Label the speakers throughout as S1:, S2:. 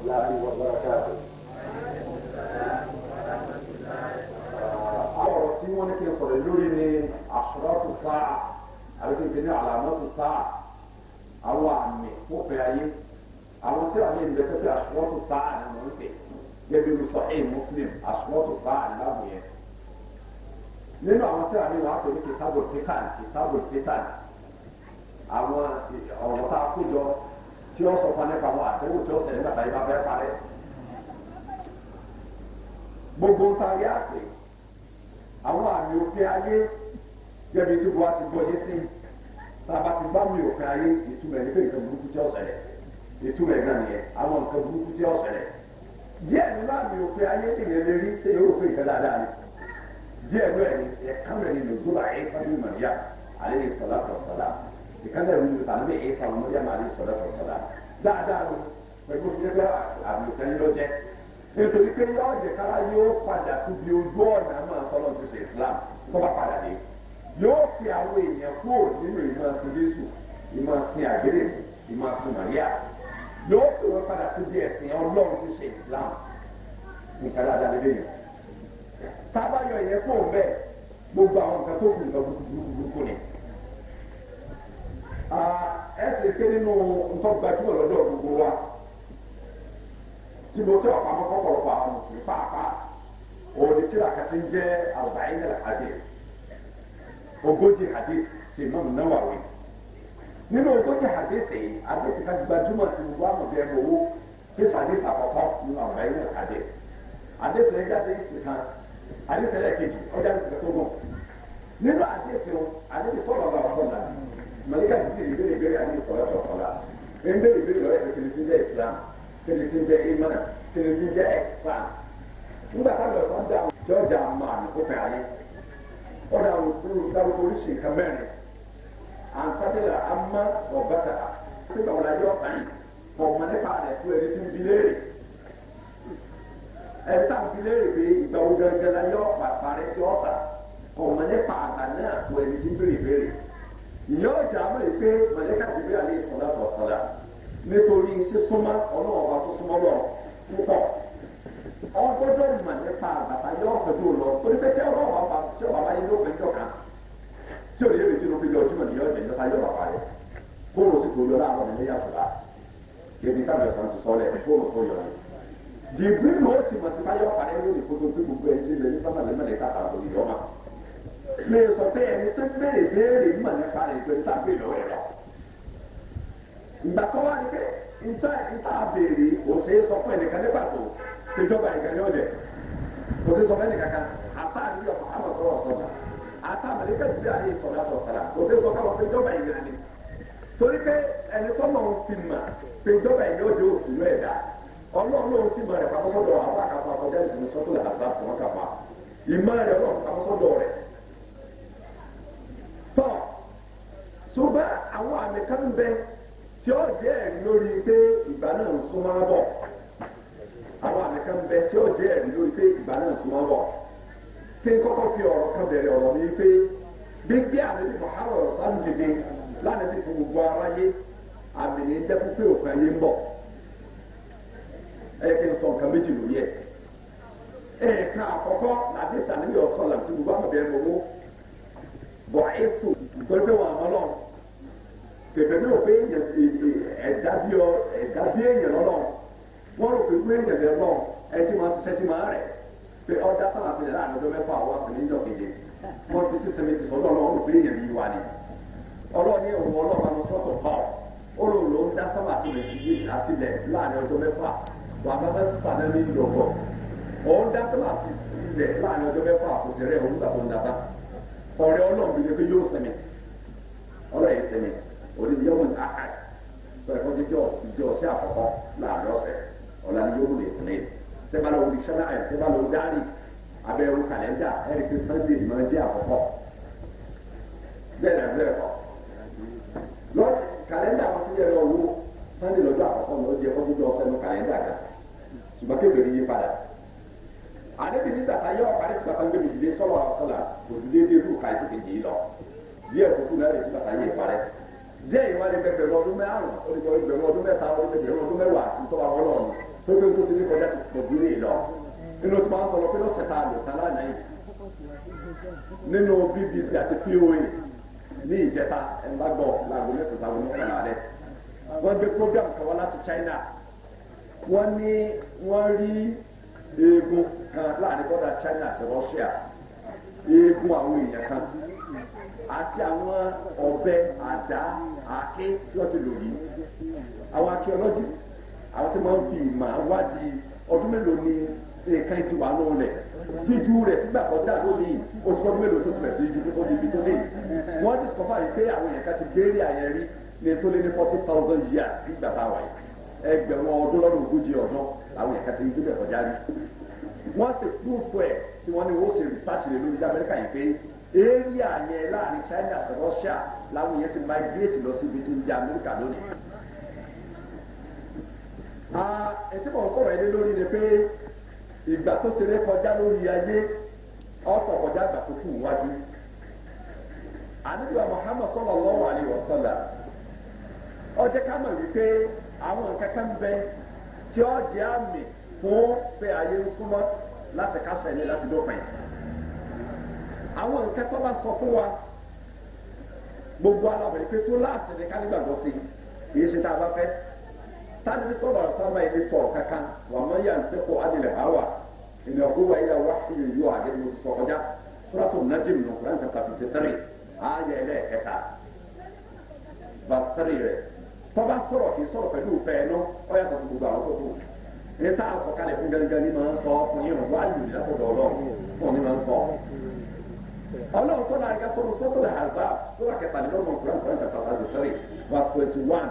S1: الله وبركاته àwọn tí wọ́n ní kí n sọ̀rọ̀ lórí ni àṣọ́rọ́tù sáà àbíkí ní àlàmọ́tù sáà àwọn àmì fòfin ayé àwọn tí àmì ìdẹ́kẹ́tẹ́ àṣọ́rọ́tù sáà ni wọ́n ń pè gẹ́gẹ́ bí sọ́hìn muslim àṣọ́rọ́tù sáà ni láàbùn yẹn nínú àwọn tí àmì wàá pè ní kìtàbù títàn kìtàbù títàn àwọn ọ̀rọ̀ tá a kó jọ tí ó sọ fún nípa àwọn àtẹwò tí ó ṣẹlẹ̀ nígbà táyé bá fẹ́ parẹ́ gbogbo ntari àpè àwọn àmì òfin ayé jẹbi tí buwa ti gbọ́ yé sí tàbá ti bá mi òfin ayé ìtumọ̀ ẹni pé nǹkan burúkú tí ó ṣẹlẹ̀ ìtumọ̀ ẹ̀ náà nìyẹn àwọn nǹkan burúkú tí ó ṣẹlẹ̀ díẹ̀ nínú àmì òfin ayé ti yẹn lè rí ni díẹ̀ nínú ẹni ẹ̀ka mẹ́rin ló zó láyé fábíyì màríyà alẹ́ ìsọ̀lá tọ̀sọ̀lá dáadáa lò pẹ̀lú ìjẹ́bẹ́ àmì ìtẹ́yìn ló jẹ́ nítorí pé yọ ọ̀jẹ̀ kára yóò padà síbi ojú ọ̀nà máa tọ́lọ̀ ti ṣe Islam tó bá padà dé yóò fi àwọn èèyàn kúrò nínú ìmọ̀ sí Jésù ìmọ̀ sí àgbèrè ìmọ̀ sí Màríà yóò fi wọn padà síbi ẹ̀sìn Ọlọ́run ti ṣe Islam nǹkan dáadáa lébè yẹn tábàyọ̀ yẹn kò bẹ́ẹ̀ gbogbo àwọn nǹkan tó kù lọ a sì ké nínú nǹkan gbajúmọ̀ lọ́dọ̀ gbogbo wa tí mo tẹ́ ọ̀pá mọ́kọ́ pọ̀lọpọ̀ àwọn mùsùlùmí pàápàá òní tíra kàtí ń jẹ́ àbáyé hadith ogójì hadith ti Imam Nawawi nínú ogójì hadith yìí hadith ká gbajúmọ̀ gbogbo ẹnu owó nínú àbáyé ọjà tó gùn màlíkà ti bèrè ìbéèrè ìbéèrè àti ìkọ̀lẹ́ kọ̀ọ̀kọ̀lá ń bèrè ìbéèrè ọ̀rẹ́ pé kìlìtì jẹ́ Islam kìlìtì jẹ́ imana kìlìtì jẹ́ ẹ̀fà nígbà táwọn ọ̀sán dà jọ́jà máa nìkó fẹ́ ayé ọ̀dà òkúrú dárúkọ oríṣi nǹkan mẹ́rin àǹtàdéla àmà ọ̀bàtà pípa ọ̀la yọ ọ̀fàyìn ọ̀mọ nípa rẹ̀ fún ẹni tí ń bi léèrè ẹ̀ta ń bi léèrè pé ìgbà wo gangan la yọ ọ̀pá parí tí ọ̀tà ọ̀mọ nípa àgbà náà fún ẹni tí ń béèrè ìyá ọjà mọ̀ yìí pé mọ̀lẹ́kà jìbí àlẹ́ ìsọ̀lá tó sọ̀lá nítorí sísúnmọ́ ọlọ́run ọba tó súnmọ́ lọ púpọ̀ ọgbọ́dọ̀ mọ̀ nípa bàbá yọ ọ̀pẹ̀dọ̀ lọ torí pé tí ọlọ́run ọba tí ọ bàbá yìí ló fẹ́ jọ kan tí ò ní èrè tí ló fi lọ tí mọ̀ níyà ọjà ìjọba yọ bàbá rẹ̀ kóòrò sì tó yọ láàárọ̀ nílé yàtọ̀lá ebi tábìlì sàn ti sọ́lẹ̀ kóòrò tó yọ jìbìrì ló ti mọ̀ sí báyọ̀ parẹ́ lónìí kótó lè sọ pé ẹni tó béèrè béèrè mọ̀ nípa rẹ̀ pé níta béèrè lọ́wọ́ ẹ̀ lọ. ìgbà kan wá ní pé níta níta béèrè kò ṣeé sọ fún ẹnìkan ní pàtó ìjọba ẹ̀ka ni ó jẹ kò ṣeé sọ fún ẹnìkan kan àtà àdúgbò àmọ̀ sọ̀rọ̀ sọ̀rọ̀ àtà àmàlẹ́kẹ́ ìdílé àyè ìsọ̀rọ̀ àtọ̀sọ̀rọ̀ kò ṣeé sọ fún ìjọba ẹ̀ka ni torí pé ẹni tó mọ̀ fi mà pé ìjọba ẹ̀ka ó jẹ òṣèlú ẹ̀dá ọlọ́run ló ń fi mà rẹ̀ fi ọ̀rọ̀ kan bẹ̀rẹ̀ ọ̀rọ̀ mi pé gbígbé àlejò Muhammad ọ̀sán dìde lánàá ti fi gbogbo aráyé àmì ní dẹ́kun pé òfin ayé ń bọ̀ ẹ kí n sọ nǹkan méjì lórí ẹ ẹ̀ẹ̀kan àkọ́kọ́ làbí sàníyàn ọ̀sán làbí gbogbo àmọ̀bẹ̀ ẹ̀ mọ̀wó bọ̀ ẹ̀sùn nítorí pé wọn àmọ́ náà kẹfẹ náà pé ẹ̀dá bí èèyàn lọ́nà wọ́n rò pé pé èèyàn lọ́nà ẹ ti máa ṣiṣẹ́ ti máa rẹ̀ pé ọjà sábà fi láàrin ọjọ́ mẹ́fà àwọn àfẹnì ìjọ keje wọ́n fi sí sẹ́mi ti sọ́dọ̀ ọlọ́run pé èèyàn yìí wà ní. ọlọ́run ní òun ọlọ́run ló sọ́tọ̀ bá ọ ó lò ló ń dá sábà fi lè fi yìí láti lẹ̀ láàrin ọjọ́ mẹ́fà wà á bá sàmì ní ìdọ̀kọ̀ òun dá sábà fi lẹ̀ láàrin ọjọ́ mẹ́fà kò sí rẹ̀ òun gbàgbọ́ ńdàbà ọ̀rẹ́ ọlọ́run fi lè fi yóò sẹ́mi ọlọ́run yìí sẹ́mi òní yóò tẹ́ bá lọ wo dictionary tẹ́ bá lọ wo diary abẹ́rù kàlẹ́ndà ẹ̀rí pé sunday máa jẹ́ àkọ́kọ́ bẹ́ẹ̀ náà bẹ́ẹ̀ kọ́ lọ kàlẹ́ndà wọn ti yẹ lọ wo sunday lọ́jọ́ àkọ́kọ́ ló jẹ́ ọdún lọ sẹ́nu kàlẹ́ndà kan ṣùgbọ́n kébèrè yí padà àdébí nígbà tá yọ ọ̀pá nígbà tá gbé méjìlé sọ́wọ́ àwọ̀sọ́là kò tún déédéé rú ká ìtòkè yìí lọ díẹ̀ kókó náà lè nígbà tá yẹ ìparẹ́ díẹ̀ ìwádìí bẹ̀rẹ̀ ọdún mẹ́rin ọdún mẹ́ta ọdún mẹ́wàá nítorí àwọn ọlọ́run pépé tó ti ní kọjá ti pọ̀ bí lè lọ nínú tí wọ́n sọ̀rọ̀ pé lọ́sẹ̀ tá a lò tá lánàá yìí nínú bbc àti poa ní ìjẹta ẹ̀ńdàgbọ̀ làgbo mẹ́sàn-án làgbo mẹ́sàn-án àárẹ̀ wọ́n gbé program kan wá láti China wọ́n ní wọ́n rí eegun kan láàrin bọ́dà China àti Russia eegun àwọn èèyàn kan àti àwọn ọ̀bẹ àdá àáké tí wọ́n ti lò yìí àwọn archaeologists àwọn tí wọ́n fi ìmọ̀ àwádìí ọdún mélòó ni nǹkan ti wà lóun rẹ̀ jíjú rẹ̀ sígbà kọjá lónìí oṣù ọdún mélòó tó tilẹ̀ sí ju tó di ibi tó dé wọ́n discover yìí pé àwọn èèyàn ká ti béèrè àyẹ̀ rí ní tó lé ní forty thousand years nígbà tá wà yìí ẹgbẹ̀rún ọdún lọ́dún ogójì ọdún àwọn èèyàn ká ti gbé bẹ̀ kọjá rí wọ́n sì púrúfù ẹ̀ tí wọ́n ní ó ṣe research rẹ̀ lórí Amẹ́ríkà yìí pé area yẹn láàrin China àti Russia làwọn èèyàn ti migrate lọ sí ibi tó ń jẹ́ Amẹ́ríkà lónìí ẹtí mọ̀ sọ̀rọ̀ ẹni lórí ni pé ìgbà tó ti ré kọjá lórí ayé ọ̀tọ̀ kọjá àgbà tó kù wájú àníbi Muhammad sallallahu alaihi wasallam ó jẹ́ ká mọ̀ wípé àwọn nǹkan kan bẹ tí ó jẹ́ àmì fún pé ayé ń súnmọ́ láti ní láti dópin àwọn gbogbo alábẹ̀rẹ̀ pé tó láàsì ní kì í ṣe tá sanni sọ̀rọ̀ sábà yìí sọ̀rọ̀ kankan wà má yà ń tẹ́ kó adìrẹ̀ hawa ìnà kó wà yà wá fi yìí yóò adé mu sọ̀rọ̀ já sọ́tò nàjì mu kuran ta kàfi tẹ́tẹ́rì ayé ẹ̀rẹ́ ẹ̀ka bàtẹ́rì rẹ̀ tọ́ba sọ̀rọ̀ kì í sọ̀rọ̀ pẹ̀lú fẹ́ ẹ̀nà ọ̀yà tó ti gbogbo àwọn tó kù ní tá a sọ kalẹ̀ fún gángan ní máa ń sọ fún yín wọn wá lù ní látọ̀dọ̀ ọlọ́run fún ní máa ń sọ ọlọ́run tó náà ẹ̀ka sọ̀rọ̀ sọ́tò lè hàzà sọ́rọ̀ kẹtàlélọ́gbọ̀n kuran kuran ta kàfi tẹ́tẹ́rì verse twenty one.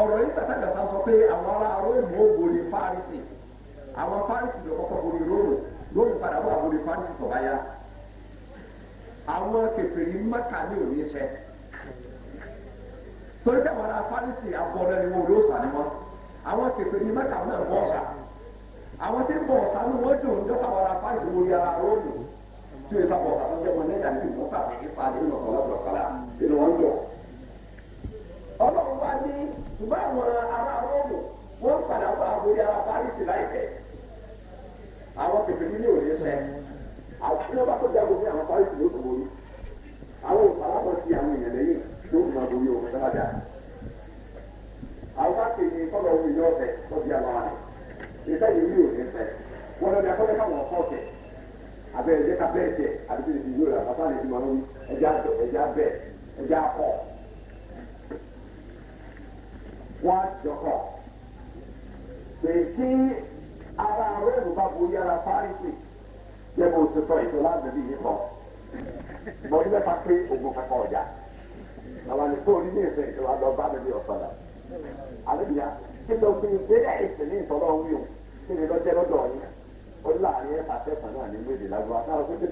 S1: ọ̀rọ̀ yìí tàtàgàsá sọ pé àwọn ará róòmù ó borí fárísì àwọn fárísì ló kọ́kọ́ borí róòmù róòmù padà wà borí fárísì tó bá yá àwọn kèfèrí mẹ́ta ní òní iṣẹ́ torí pé àwọn ará fárísì abọ́dá ni wọn ò lóòsàn ni wọn àwọn kèfèrí mẹ́ta náà bọ̀ ọ̀sà àwọn tí ń bọ̀ ọ̀sà ni wọ́n dùn ní ọ̀sà àwọn ará fárísì wọ́n rí ara róòmù tí ó yẹ sábọ̀ ọ̀sà tó jẹ́ wọn ní ìdánilẹ́yìn mọ́sà àti bẹ́ẹ̀ jẹ àti tẹ̀lé ti yóò rà bàbá rẹ̀ ti máa ń wí ẹja bẹ ẹja bẹ ẹja kọ. wọ́n á jọkọ̀ pé kí ara rẹ́ẹ̀mù bá borí ara fáríṣì jẹ́ bó ti sọ ìtọ́lá àgbẹ̀bí yìí kọ́ bọ́dún mẹ́ta pé ogun kankan ọ̀jà àwọn àlùkò orí ní ìfẹ́ ìṣòro àlọ́ bá mi ní ọ̀sọ̀dà àlejò yá kí ló fi ìgbéyàwó ìsìn ní ìtọ́lọ́ wíwò kí ni lọ́jẹ́ lọ́dọ̀ yìí ó láàrin ẹ̀fà tẹ̀sán náà ní méjìlá gbọ́ àtàwọn tó ti